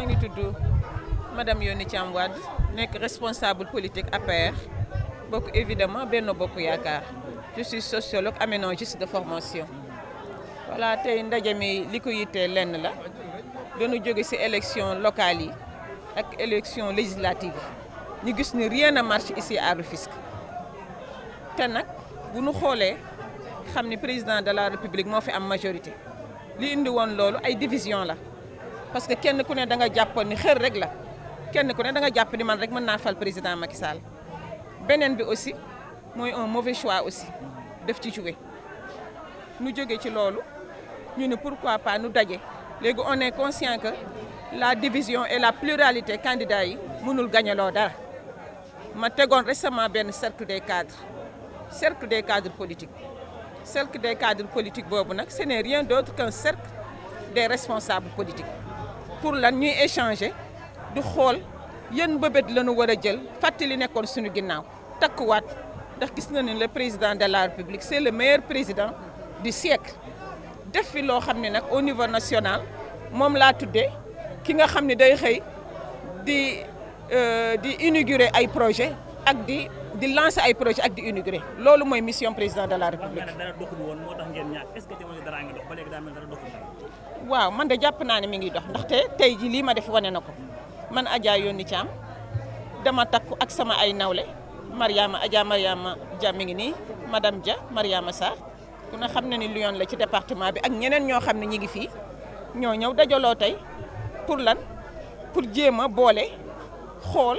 maa ngi tudd madame Yoni Thiam Wade nekk responsable politique APR bokk évidemment Benno Bokk Yaakaar je suis sociologue aménagiste de formation voilà tey ndaje mi li ko yittee lenn la dañu jóge ci élection locale yi ak élection législative ñu gis ni rien ne marche ici à Rufisque te nag bu ñu xoolee xam ni président de la république moo fi am majorité li indi woon loolu ay division la parce que kenn ku ne da nga japp ni xër rek la kenn ku ne da nga japp ni man rek mën naa fal président Macky Sall beneen bi aussi mooy un mauvais choix aussi def ci jouer nu jóge ci loolu ñu ne pourquoi pas nu daje on est conscient que la division et la pluralité candidats yi mënul gañaloo dara ma tegoon récemment benn cercle des cadres cercle des cadres politiques cercle des cadres politiques ce n'est rien d'autre qu'un cercle des responsables politiques pour lan ñuy échanger du xol yeen bebet lañu wara war a jël fàttali nekkoon suñu takku wat ndax gis na ne le président de la république c'est le meilleur président du siècle def fi lo xamni nak au niveau national mom la tuddee ki nga xamni ne day xëy di euh, di inaugurer ay projet ak di di lancer ay projet ak di inaugurer lolu moy mission président de la république. dara doxul ngeen est-ce que dara nga dox ba mel dara doxul waaw man de japp na ni mi ngi dox te tay ji li ma def wane nako man Adja Yoni cham dama takku ak sama ay nawle Mariama Adja Mariama Dia ngi ni madame Dia Mariama sa ku na xam ni lion la ci département bi ak ñeneen ño xam ñi ngi fi ño ñew dajolo tay pour lan pour jema bolé xol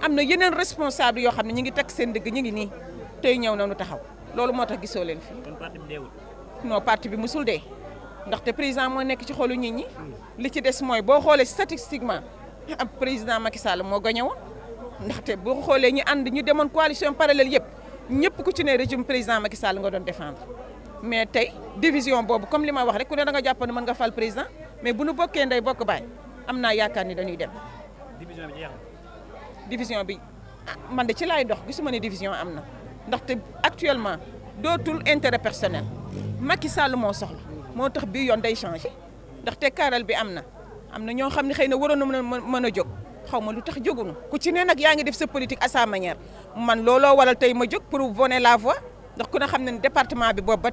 am na yeneen responsable yoo xam ne ñu ngi teg seen dëgg ñu ngi nii tey ñëw na nu taxaw loolu moo tax gisoo leen fi kon parti bi deewul. non parti bi musul dee ndaxte président moo nekk ci xolu nit ñi. li ci des mooy boo xoolee statistiquement ab président Macky Sall moo gañe woon ndaxte boo xoolee ñu ànd ñu demoon coalition parallèle yëpp ñëpp ku ci ne régime président Macky Sall nga doon défendre. mais tey division boobu comme li ma wax rek ku ne da nga jàpp mën nga fal président mais bu nu bokkee ndey bokk baay am naa yaakaar ni dañuy dem. division bi jeex na division bi ah, man de ci lay dox gisuma ne division amna ndax ndaxte actuellement dootul intérêt personnel Macky Sall moo soxla moo tax bii yoon day changé ndaxte kaaral bi amna amna ño xamni xeyna xam ne xëy na waroon na mën a mën a lu tax jógunu ku ci ne nak yaa def sa politique à sa manière man lolo, waral tay ma jog pour vous la voix ndax ku na xam département bi bob ba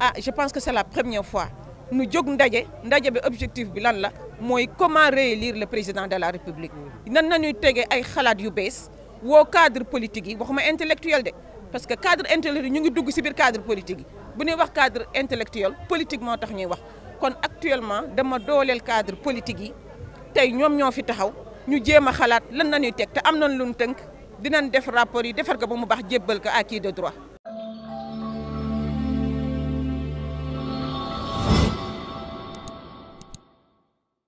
ah je pense que c'est la première fois nous avons ndaje objectif bi lan comment réélire le président de la république Nous nañuy un cadre xalaat yu cadre politique intellectuel parce que cadre intellectuel ñu ngi cadre politique yi nous cadre intellectuel politique actuellement dama le cadre politique Nous tey des de droit